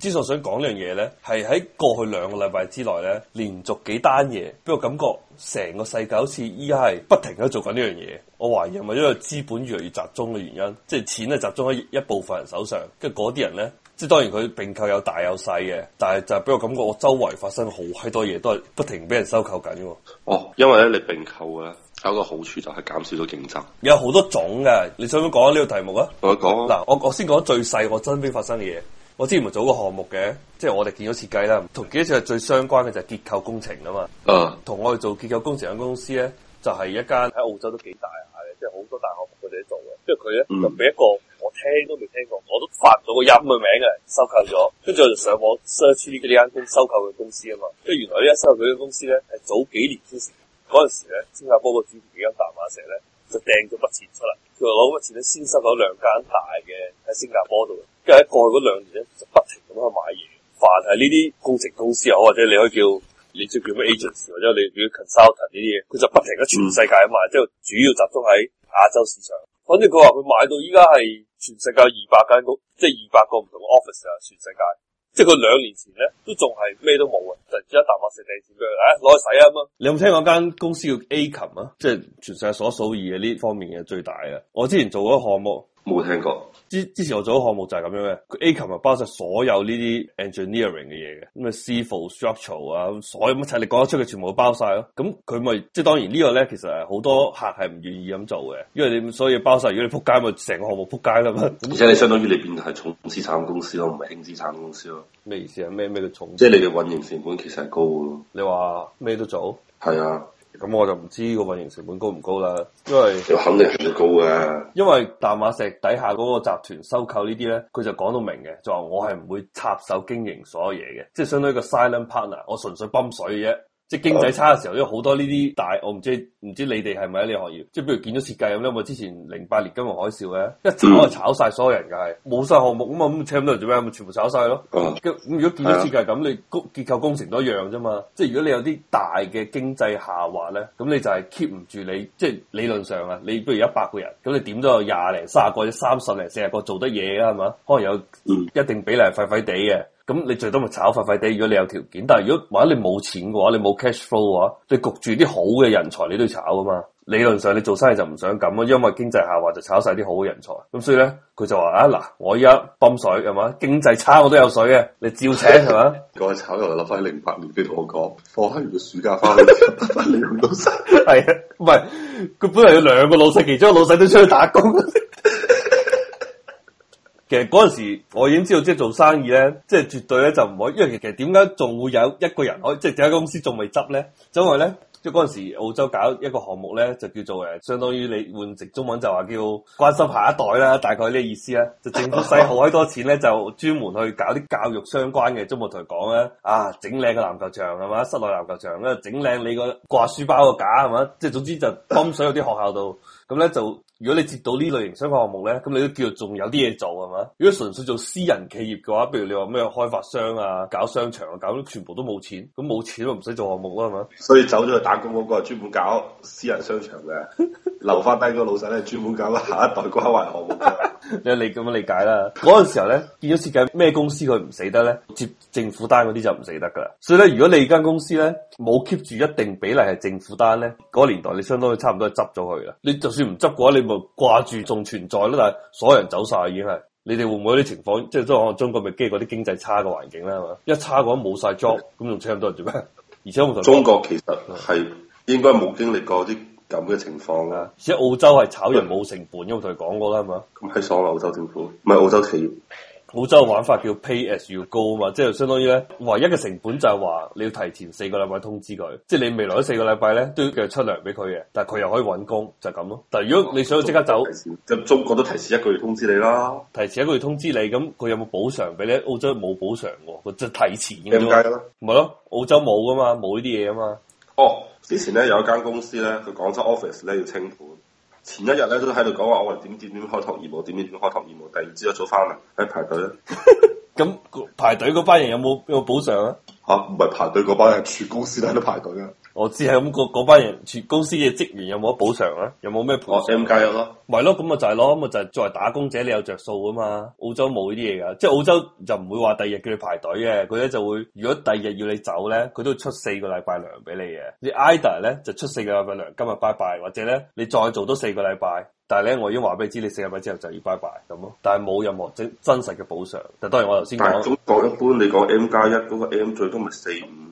之所以想講呢樣嘢咧，係喺過去兩個禮拜之內咧，連續幾單嘢，俾我感覺成個世界好似依家係不停喺度做緊呢樣嘢。我懷疑係咪因為資本越嚟越集中嘅原因，即係錢係集中喺一部分人手上，跟住嗰啲人咧，即係當然佢並購有大有細嘅，但係就係俾我感覺，我周圍發生好閪多嘢，都係不停俾人收購緊哦，因為咧你並購咧，有一個好處就係減少咗競爭。有好多種嘅，你想唔想講下呢個題目啊？我講嗱，我我先講最細我身邊發生嘅嘢。我之前咪做個項目嘅，即係我哋見咗設計啦，同建咗設計最相關嘅就係結構工程啊嘛。嗯，同我哋做結構工程嘅公司咧，就係一間喺澳洲都幾大下嘅，就是，即係好多大學佢哋都做嘅。即係佢咧就俾一個、嗯、我聽都未聽過，我都發咗個音嘅名嘅，收購咗，跟住我就上網 search 呢間公司收購嘅公司啊嘛。即係原來呢間收購佢嘅公司咧，係早幾年先，嗰陣時咧新加坡個主席阿大馬石咧。就掟咗筆錢出嚟，佢話攞筆錢咧先收咗兩間大嘅喺新加坡度，跟住喺過去嗰兩年咧就不停咁去買嘢，凡係呢啲工程公司又好，或者你可以叫你知叫咩 agent 或者你叫 consultant 呢啲嘢，佢就不停喺全世界啊買，即係、嗯、主要集中喺亞洲市場。反正佢話佢買到依家係全世界二百間屋，即係二百個唔同嘅 office 啊，全世界。即係佢兩年前咧，都仲係咩都冇啊！突然之間大把蝕地磚，哎，攞去洗啊嘛！你有冇聽過間公司叫 A 琴啊？即係全世界所數二嘅呢方面嘅最大啊。我之前做嗰個項目。冇聽過，之之前我做嘅項目就係咁樣嘅，佢 A 琴咪包晒所有呢啲 engineering 嘅嘢嘅，咁咪 civil structural 啊，所有乜柒你講得出嘅全部都包晒咯，咁佢咪即係當然呢個咧，其實係好多客係唔願意咁做嘅，因為你所以包晒，如果你仆街咪成個項目仆街啦嘛，而 且你相當於你變係重資產公司咯，唔係輕資產公司咯，咩意思啊？咩咩叫重？即係你嘅運營成本其實係高咯，你話咩都做係啊。咁、嗯、我就唔知個運營成本高唔高啦，因為肯定係高嘅。因為大馬石底下嗰個集團收購呢啲咧，佢就講到明嘅，就話我係唔會插手經營所有嘢嘅，即係相當於一個 silent partner，我純粹泵水嘅啫。即經濟差嘅時候，因為好多呢啲大，我唔知唔知你哋係咪喺呢個行業？即係比如建築設計咁咧，我之前零八年金融海嘯咧，一炒就炒晒所有人嘅，冇晒項目咁嘛，咁請唔到人做咩？咪全部炒晒咯。咁 如果建築設計咁，你工結構工程都一樣啫嘛。即係如果你有啲大嘅經濟下滑咧，咁你就係 keep 唔住你。即係理論上啊，你不如一百個人，咁你點都有廿零卅個、三十零四十個做得嘢啊，係嘛？可能有一定比例係廢廢哋嘅。咁你最多咪炒快快啲，如果你有條件。但係如果萬一你冇錢嘅話，你冇 cash flow 嘅話，你焗住啲好嘅人才你都要炒啊嘛。理論上你做生意就唔想咁啊，因為經濟下滑就炒晒啲好嘅人才。咁所以咧，佢就話啊嗱，我而家泵水係嘛，經濟差我都有水嘅，你照請係嘛？我炒又落翻，零八年先同我講，放翻完個暑假翻嚟，得翻兩個老細。係啊，唔係佢本來有兩個老細，其中一個老細都出去打工。 其實嗰陣時，我已經知道即係做生意咧，即係絕對咧就唔可以，因為其實點解仲會有一個人可以，即係整間公司仲未執咧？因為咧，即係嗰陣時澳洲搞一個項目咧，就叫做誒，相當於你換成中文就話叫關心下一代啦，大概呢意思啦，就政府使好多錢咧，就專門去搞啲教育相關嘅，中國同佢講咧，啊，整靚個籃球場係嘛，室內籃球場，跟住整靚你個掛書包個架係嘛，即係總之就泵水喺啲學校度，咁咧就。如果你接到呢類型商辦項目咧，咁你都叫做仲有啲嘢做係嘛？如果純粹做私人企業嘅話，譬如你話咩開發商啊，搞商場啊，搞到全部都冇錢，咁冇錢都唔使做項目啊係嘛？所以走咗去打工嗰個專門搞私人商場嘅， 留翻低個老細咧專門搞下一代關懷項目。 你咁樣理解啦？嗰陣時候咧，見咗設計咩公司佢唔死得咧？接政府單嗰啲就唔死得噶啦。所以咧，如果你間公司咧冇 keep 住一定比例係政府單咧，嗰年代你相當於差唔多執咗佢啦。你就算唔執嘅話，你。你掛住仲存在咯，但係所有人走晒，已經係你哋會唔會有啲情況，即係都可能中國咪經過啲經濟差嘅環境啦，係嘛？一差嘅話冇晒 job，咁仲差咁多人做咩？而且我同中國其實係應該冇經歷過啲咁嘅情況啦、啊。即係澳洲係炒人冇成本，因為的我同你講過啦，係嘛？咁係所謂，澳洲政府唔係澳洲企業。澳洲玩法叫 pay as you go 嘛，即係相當於咧，唯一嘅成本就係話你要提前四個禮拜通知佢，即係你未來四個禮拜咧，都要嘅出糧俾佢嘅，但係佢又可以揾工，就係咁咯。但係如果你哇想即刻走，就中國都提，提前一個月通知你啦，提前一個月通知你，咁佢有冇補償俾你？澳洲冇補償，佢就提前點解咯？唔係咯？澳洲冇噶嘛，冇呢啲嘢嘛。哦，之前咧有一間公司咧，佢廣州 office 咧要清盤。前一日咧都喺度講話，我哋點點點開拓業務，點點點開拓業務。第二朝一早翻嚟喺排隊啦。咁、 嗯、排隊嗰班人有冇有補償啊？吓，唔係排隊嗰班人，全公司都喺度排隊啊。我知係咁，嗰班人全公司嘅職員有冇得補償咧？有冇咩補償？M 加一咯，係咯，咁咪就係、是、咯，咁咪就係、是、作為打工者，你有着數噶嘛？澳洲冇呢啲嘢噶，即係澳洲就唔會話第二日叫你排隊嘅，佢咧就會如果第二日要你走咧，佢都會出四個禮拜糧俾你嘅。你、e、either 咧就出四個禮拜糧，今日拜拜，或者咧你再做多四個禮拜，但係咧我已經話俾你知，你四個禮拜之後就要拜拜咁咯。但係冇任何真真實嘅補償。但當然我頭先，但係中國一般你講 M 加一個 M 最多咪四五。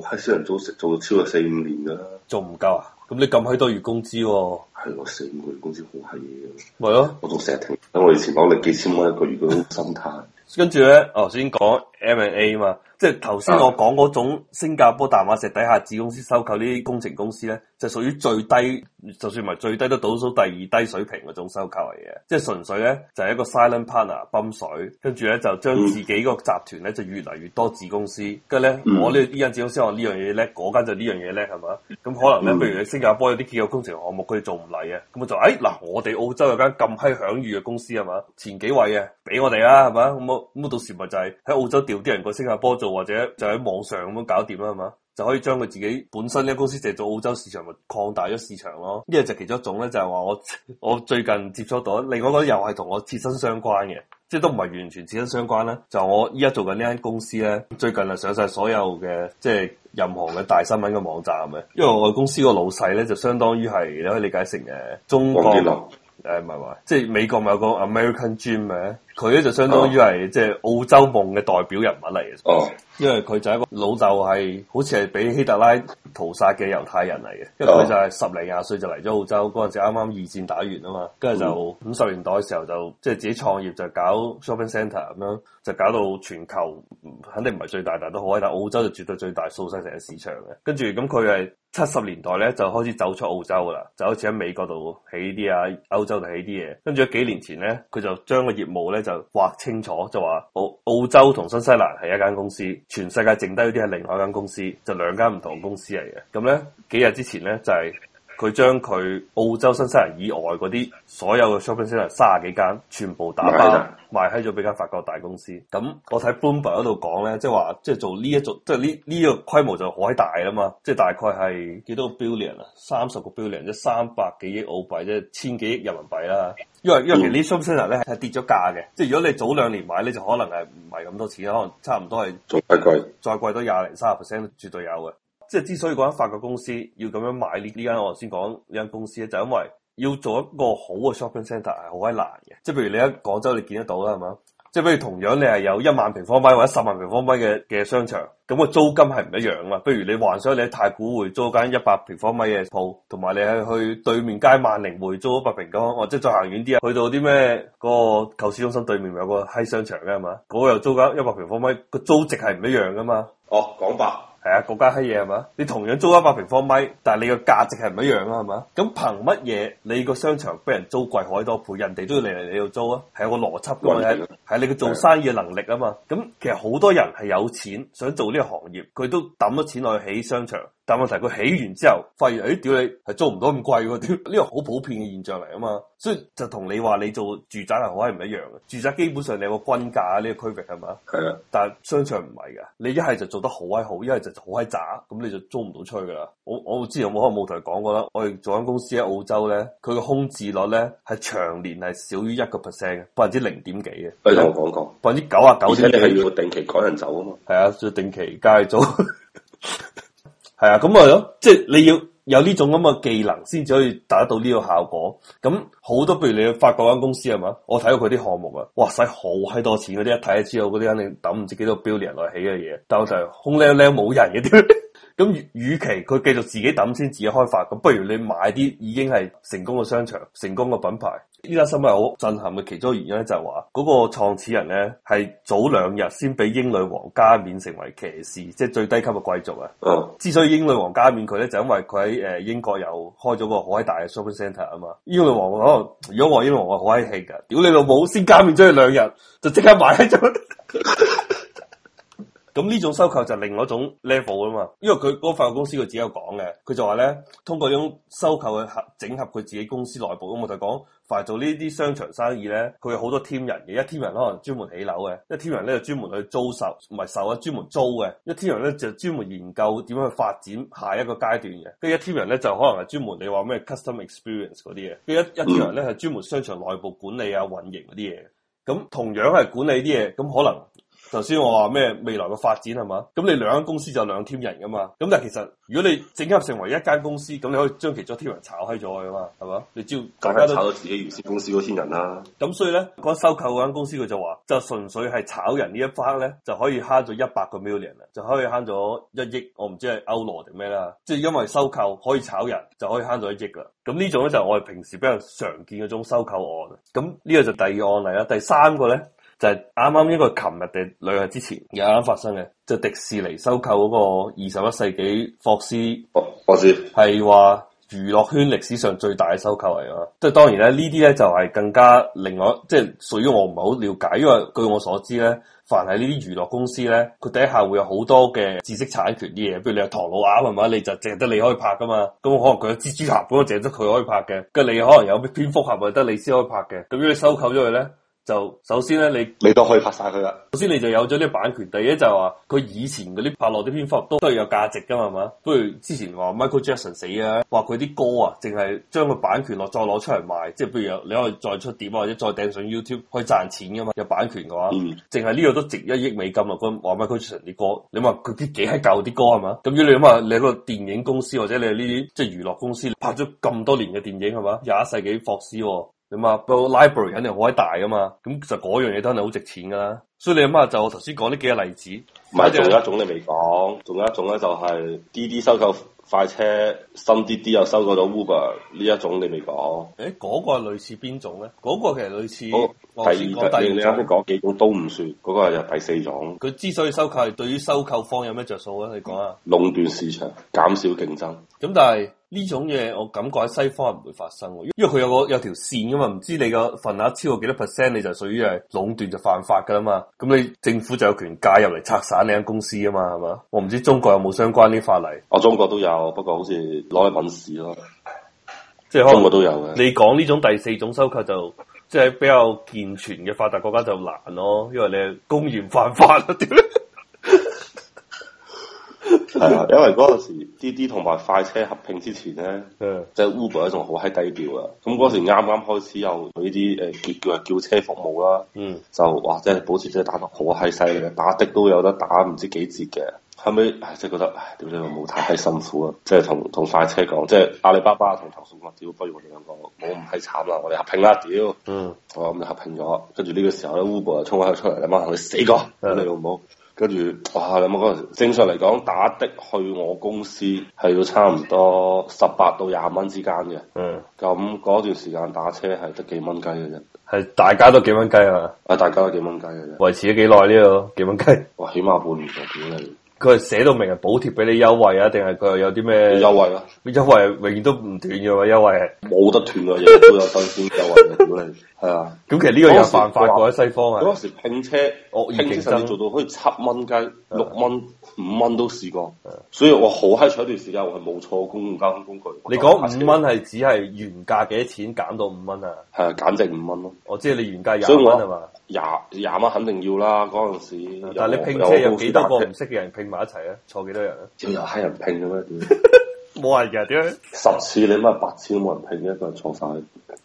好閪少人做，做到超過四五年噶啦，做唔夠啊？咁你咁閪多月工資喎、哦？係咯，四五個月工資好閪嘢嘅，咪咯的，我仲成日聽。等我以前講你幾千蚊一個月嗰種心態， 跟住咧，頭先講。M and A 嘛，即係頭先我講嗰種新加坡大馬石底下子公司收購呢啲工程公司咧，就屬於最低，就算唔係最低都倒數第二低水平嗰種收購嚟嘅，即係純粹咧就係、是、一個 silent partner 泵水，跟住咧就將自己個集團咧就越嚟越多子公司，跟住咧我呢間子公司話呢樣嘢叻，嗰間就呢樣嘢叻，係嘛？咁可能咧，譬如你新加坡有啲企業工程項目佢哋做唔嚟啊，咁就誒嗱、哎，我哋澳洲有間咁閪享譽嘅公司係嘛，前幾位嘅、啊，俾我哋啦係嘛，咁啊咁到時咪就係喺澳洲。調啲人過新加坡做，或者就喺網上咁樣搞掂啦，係嘛？就可以將佢自己本身呢間公司淨做澳洲市場，咪擴大咗市場咯。呢個就其中一種咧，就係話我我最近接觸到，另外嗰又係同我切身相關嘅，即係都唔係完全切身相關啦。就我依家做緊呢間公司咧，最近係上晒所有嘅即係任何嘅大新聞嘅網站嘅，因為我公司個老細咧就相當於係你可以理解成誒，中國誒唔係唔係，即係美國咪有個 American Dream 咩？佢咧就相當於係即係澳洲夢嘅代表人物嚟嘅。哦、啊，因為佢就係一個老豆係好似係俾希特拉屠殺嘅猶太人嚟嘅，啊、因為佢就係十零廿歲就嚟咗澳洲，嗰陣時啱啱二戰打完啊嘛，跟住就五十年代嘅時候就即係、就是、自己創業就搞 shopping centre e 咁樣，就搞到全球肯定唔係最大、大，但都好威，但澳洲就絕對最大，掃曬成個市場嘅。跟住咁佢係七十年代咧就開始走出澳洲噶啦，就好似喺美國度起啲啊，歐洲就起啲嘢，跟住幾年前咧佢就將個業務咧。就畫清楚，就話澳澳洲同新西蘭係一間公司，全世界剩低嗰啲係另外一間公司，就兩間唔同公司嚟嘅。咁咧幾日之前咧就係、是。佢將佢澳洲新西蘭以外嗰啲所有嘅 Shopping Centre 三十幾間全部打包賣喺咗俾間法國大公司。咁我睇 Bloomberg 嗰度講咧，即係話即係做呢一種，即係呢呢個規模就好閪大啊嘛！即係大概係幾多個 billion 啊？三十個 billion，即係三百幾億澳幣，即係千幾億人民幣啦。因為因為其實呢 Shopping Centre 咧係跌咗價嘅。即係如果你早兩年買咧，就可能係唔係咁多錢，可能差唔多係仲貴，再貴都廿零三十 percent 絕對有嘅。即係之所以嗰間法國公司要咁樣買呢，呢間我先講呢間公司咧，就係因為要做一個好嘅 shopping centre 係好閪難嘅。即係譬如你喺廣州你見得到啦，係嘛？即係譬如同樣你係有一萬平方米或者十萬平方米嘅嘅商場，咁個租金係唔一樣嘛。譬如你幻想你喺太古匯租間一百平方米嘅鋪，同埋你係去對面街萬寧匯租一百平方米，或者再行遠啲啊，去到啲咩個購市中心對面有個閪商場咧，係嘛？嗰個又租間一百平方米，個租值係唔一樣噶嘛？哦，講白。係啊，國家閪嘢係嘛，你同樣租一百平方米，但係你個價值係唔一樣啊，係嘛，咁憑乜嘢你個商場俾人租貴海多倍，人哋都要嚟你度租啊，係有個邏輯嘅問題，係係你個做生意嘅能力啊嘛，咁其實好多人係有錢想做呢個行業，佢都抌咗錢落去起商場。有問題，佢起完之後，發現誒、哎，屌，你係租唔到咁貴，屌，呢個好普遍嘅現象嚟啊嘛，所以就同你話，你做住宅係好係唔一樣嘅，住宅基本上你有個均價，呢個區域係嘛？係啊，這個、是的 但商場唔係噶，你一係就做得好閪好，一係就好閪渣，咁你就租唔到出去噶啦。我我之前有冇冇同你講過啦？我哋做間公司喺澳洲咧，佢嘅空置率咧係長年係少於一個 percent，百分之零點幾嘅。你同我講過，百分之九啊九先。咁你係要定期趕人走啊嘛？係啊，所以定期介租。 係啊，咁咪咯，即係、就是、你要有呢種咁嘅技能，先至可以達到呢個效果。咁好多，譬如你去法國間公司係嘛，我睇過佢啲項目啊，哇使好閪多錢嗰啲，一睇就知道嗰啲肯定抌唔知幾多 billion 落去起嘅嘢，但我就係空靚靚冇人嘅。 咁與其佢繼續自己揼先，自己開發，咁不如你買啲已經係成功嘅商場、成功嘅品牌。依家新聞好震撼嘅其中一個原因就係、是、話，嗰、那個創始人咧係早兩日先俾英女王加冕成為騎士，即係最低級嘅貴族啊！哦、之所以英女王加冕佢咧，就是、因為佢喺誒英國有開咗個好閪大嘅 shopping centre 啊嘛。英女王我、哦、如果話英女王我好閪氣噶，屌你老母先加冕咗佢兩日，就即刻買咗 咁呢種收購就另一種 level 啦嘛，因為佢嗰個發育公司佢自己有講嘅，佢就話咧通過呢種收購去合整合佢自己公司內部咁我就講，凡係做呢啲商場生意咧，佢有好多 team 人嘅，一 team 人可能專門起樓嘅，一 team 人咧就專門去租售，唔係售啊，專門租嘅，一 team 人咧就專門研究點樣去發展下一個階段嘅，跟住一 team 人咧就可能係專門你話咩 custom experience 嗰啲嘢，跟住一 team 人咧係專門商場內部管理啊運營嗰啲嘢，咁同樣係管理啲嘢，咁可能。頭先我話咩未來嘅發展係嘛，咁你兩間公司就兩隊人噶嘛，咁但係其實如果你整合成為一間公司，咁你可以將其中一隊人炒開咗噶嘛，係嘛？你只要大家都炒到自己原先公司嗰啲人啦。咁所以咧，嗰收購嗰間公司佢就話，就純粹係炒人一呢一 part 咧，就可以慳咗一百個 million 啦，就可以慳咗一億，我唔知係歐羅定咩啦。即係因為收購可以炒人，就可以慳咗一億啦。咁呢種咧就係、我哋平時比較常見嗰種收購案。咁呢個就第二個案例啦，第三個咧。就啱啱，應該係琴日定兩日之前，而啱啱發生嘅，就是、迪士尼收購嗰個二十一世紀霍斯。霍斯係話娛樂圈歷史上最大嘅收購嚟咯。即係當然咧，呢啲咧就係更加令、就是、我即係屬於我唔係好了解，因為據我所知咧，凡係呢啲娛樂公司咧，佢底下會有好多嘅知識產權啲嘢，譬如你有《唐老鴨》係嘛，你就淨得你可以拍噶嘛。咁可能佢有《蜘蛛俠》，咁就淨得佢可以拍嘅。咁你可能有咩《蝙蝠俠》或者得你先可以拍嘅。咁如果你收購咗佢咧？就首先咧，你你都可以拍晒佢啦。首先你就有咗啲版權。第一就係話佢以前嗰啲拍落啲片幅都都係有價值噶嘛，係嘛？不如之前話 Michael Jackson 死啊，話佢啲歌啊，淨係將個版權落再攞出嚟賣，即係不如你可以再出碟或者再掟上 YouTube 可以賺錢噶嘛？有版權嘅話，淨係呢個都值一億美金啊！嗰 Michael Jackson 啲歌，你話佢啲幾係舊啲歌係嘛？咁如果你話你個電影公司或者你呢啲即係娛樂公司拍咗咁多年嘅電影係嘛？廿一世紀霍斯、哦。咁啊，部 library 肯定好鬼大噶嘛，咁就嗰樣嘢都肯定好值錢噶啦。所以你諗下，就我頭先講呢幾個例子，唔係仲有一種你未講，仲有一種咧就係滴滴收購快車，新滴滴又收購咗 Uber 呢一種你未講。誒、欸，嗰、那個類似邊種咧？嗰、那個其實類似。那個第二、第三，你啱先講幾種都唔算，嗰、嗯、個係第四種。佢之所以收購，對於收購方有咩着數咧？你講啊。壟斷市場，減少競爭。咁但係呢種嘢，我感覺喺西方係唔會發生，因為佢有個有條線噶嘛，唔知你個份額超過幾多 percent，你就屬於係壟斷就犯法噶啦嘛。咁你政府就有權介入嚟拆散你間公司啊嘛，係嘛？我唔知中國有冇相關啲法例。我中國都有，不過好似攞去抆屎咯。即係中國都有嘅。你講呢種第四種收購就？即係比較健全嘅發達國家就難咯，因為你公然犯法啦，點咧？係 啊，因為嗰陣時滴滴同埋快車合併之前咧，即係 Uber 仲好喺低調啊。咁嗰時啱啱開始有呢啲誒叫叫車服務啦，嗯，就哇，即、就、係、是、補貼車打得好係細嘅，打的都有得打，唔知幾折嘅。後尾即係覺得，唉屌你老母，太辛苦啊！即係同同快車講，即係阿里巴巴同騰訊嘛，屌，不如我哋兩個冇唔閪慘啦，我哋合併啦，屌！嗯，我咁就合併咗，跟住呢個時候咧，Uber 又衝咗出嚟，阿 m i 你死個，是的 你老母！跟住，哇！阿 m 嗰陣時正常嚟講打的去我公司係要差唔多十八到廿蚊之間嘅，嗯，咁嗰段時間打車係得幾蚊雞嘅啫，係大家都幾蚊雞啊？啊，大家都幾蚊雞嘅啫，維持咗幾耐呢？個幾蚊雞？哇，起碼半年就咁啦。佢係寫到明係補貼俾你優惠啊，定係佢又有啲咩優惠啊？優惠永遠都唔斷嘅喎，優惠冇得斷啊，日日都有新鮮優惠嚟。係啊，咁其實呢個有辦法過喺西方啊。嗰陣時拼車我其實做到可以七蚊雞、六蚊、五蚊都試過。所以我好閪長一段時間，我係冇錯公共交通工具。你講五蚊係只係原價幾多錢減到五蚊啊？係減值五蚊咯。我知你原價廿蚊係嘛？廿廿蚊肯定要啦嗰陣時。但係你拼車有幾多個唔識嘅人拼？埋一齊啊！坐幾多人啊？仲有閪人拼嘅咩？冇 人嘅點樣？十次你起碼八次都冇人拼，一個人坐晒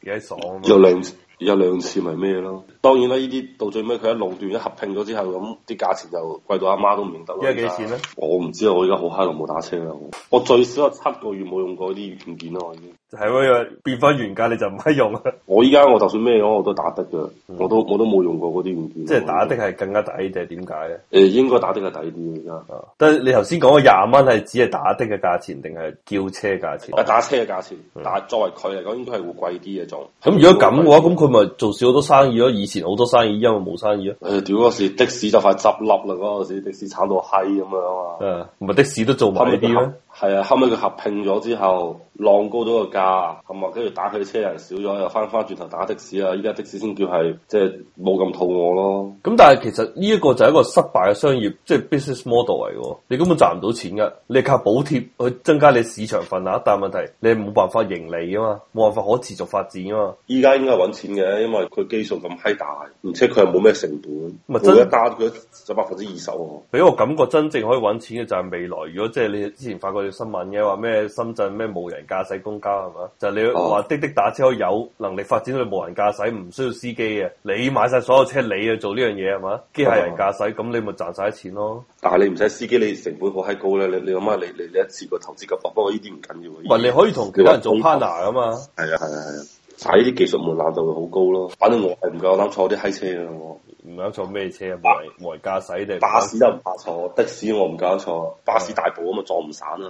幾爽啊。有兩有兩次咪咩咯？當然啦，呢啲到最尾佢一壟斷一合併咗之後，咁啲價錢就貴到阿媽都唔認得。而家幾錢咧？我唔知啊！我而家好慳，冇打車啦。我最少有七個月冇用過啲軟件我已經。係喎，變翻原價你就唔使用啦。我依家我就算咩嘅我都打的㗎，我都我都冇用過嗰啲軟件。即係打的係更加抵，定係點解咧？誒，應該打的係抵啲而家。但係你頭先講嘅廿蚊係只係打的嘅價錢定係叫車價錢？打車嘅價錢。嗯、打作為佢嚟講應該係會貴啲嘅仲。咁如果咁嘅話，咁佢咪做少好多生意咯？以前。好多生意，因為冇生意啊。屌嗰時的士就快執笠啦，嗰陣時的士慘到閪咁樣啊！誒、嗯，唔係的士都做埋啲咩？係啊，後尾佢合併咗之後，浪高咗個價，咁啊，跟住打佢車人少咗，又翻翻轉頭打的士啊！依家的士先叫係，即係冇咁肚餓咯。咁但係其實呢一個就係一個失敗嘅商業，即係 business model 嚟嘅。你根本賺唔到錢嘅，你靠補貼去增加你市場份額，但係問題你冇辦法盈利噶嘛，冇辦法可持續發展噶嘛。依家應該揾錢嘅，因為佢基數咁閪大，而且佢又冇咩成本。咪、嗯、真打佢就百分之二十。俾我感覺真正可以揾錢嘅就係未來。如果即係你之前發覺。新聞嘅話咩深圳咩無人駕駛公交係嘛？就係、你話滴滴打車可以有能力發展去無人駕駛，唔需要司機嘅。你買晒所有車，你去做呢樣嘢係嘛？機械人駕駛，咁你咪賺晒啲錢咯。但係你唔使司機，你成本好閪高咧。你你阿媽你你，你一次過投資九百，不過呢啲唔緊要。雲你可以同其他人做 partner 噶投嘛？係啊係啊係啊，啊，但呢啲技術門檻就會好高咯。反正夠我係唔夠膽坐啲閪車嘅我。唔想坐咩車啊？冇人冇人駕駛定巴士都唔怕坐，的士我唔敢坐，巴士大部啊嘛撞唔散啊！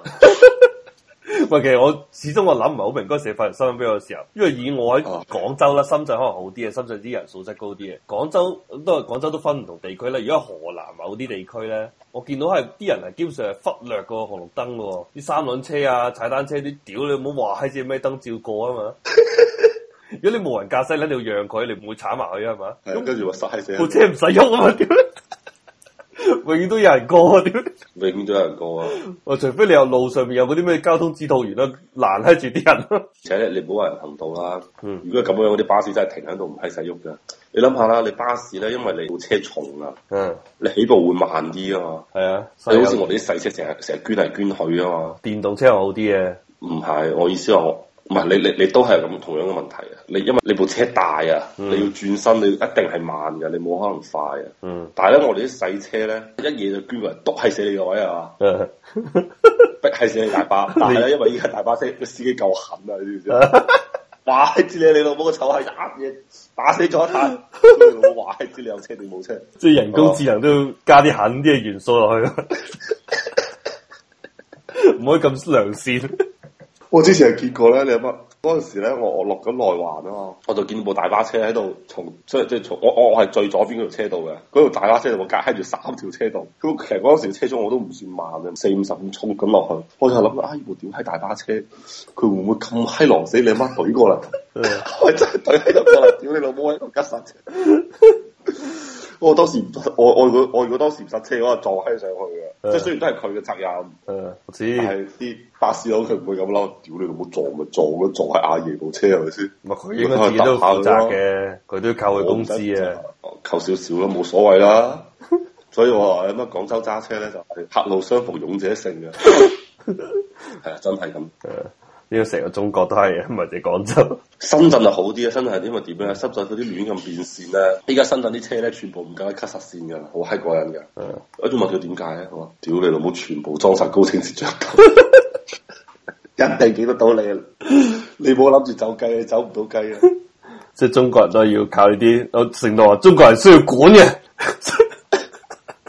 喂， 其實我始終我諗唔係好明，嗰時發人新聞俾我嘅時候，因為以我喺廣州啦，深圳可能好啲嘅，深圳啲人素質高啲嘅，廣州都係廣州都分唔同地區啦。而家河南某啲地區咧，我見到係啲人係基本上係忽略個紅綠燈，啲三輪車啊、踩單車啲屌你唔好話喺隻咩燈照過啊嘛！ 如果你無人駕駛咧，你要讓佢，你唔會踩埋佢係嘛？咁跟住話剎車，部車唔使喐啊？點？ 永遠都有人過啊？點 ？永遠都有人過啊？ 除非你有路上面有嗰啲咩交通指導員 啦，攔喺住啲人。而且你唔好話人行道啦。如果咁樣，嗰啲巴士真係停喺度唔閪使喐噶。你諗下啦，你巴士咧，因為你部車重啊，嗯，你起步會慢啲啊嘛。係啊，所以好似我哋啲細車成日成日捐嚟捐去啊嘛。電動車又好啲啊，唔係，我意思話 唔係你你你都係咁同樣嘅問題啊！你因為你部車大啊，你要轉身，你一定係慢㗎，你冇可能快啊！嗯，但係咧，我哋啲細車咧，一夜就捐轉埋，督係死你個位係嘛？逼係死你大巴，但係咧，因為依家大巴車個司機夠狠啊！Course, 你知唔知啊？話知你你老母個丑係打嘢打死咗一灘，話知你有車定冇車？即係人工智能都要加啲狠啲嘅元素落去，唔可以咁良善。我之前係見過咧，你阿媽嗰陣時咧，我我落緊內環啊嘛，我就見部大巴車喺度從即即從我我我係最左邊嗰條車道嘅，嗰條大巴車就夾喺住三條車道，咁其實嗰陣時車速我都唔算慢嘅，四五十五速咁落去，我就諗啊，呢部屌閪大巴車，佢會唔會咁閪狼死你阿媽懟過嚟？ 我真係懟喺度過嚟，屌你老母喺度急剎車！ 我當時我我如果我如果當時唔剎車嘅話，撞喺上去嘅，即係雖然都係佢嘅責任，係啲、嗯、巴士佬佢唔會咁嬲，屌你老母，撞咪撞咯，撞係阿爺部車係咪先？咪佢應該、嗯、自己都負責嘅，佢都要扣佢工資啊，扣少少咯，冇所謂啦。 所以我話有乜廣州揸車咧就係狹路相逢勇者勝嘅，係啊 真係咁。 呢個成個中國都係，唔係只廣州。深圳就好啲啊！深圳係因為點咧？濕啊、深圳啲亂咁變線咧，依家深圳啲車咧，全部唔敢 cut 實線噶、嗯，好嗨過癮噶。我仲問佢點解啊？我屌你老母！全部裝晒高清攝像頭， 一定見得到你，你冇諗住走雞啊，你走唔到雞啊！即係 中國人都要靠呢啲，我成日話中國人需要管嘅。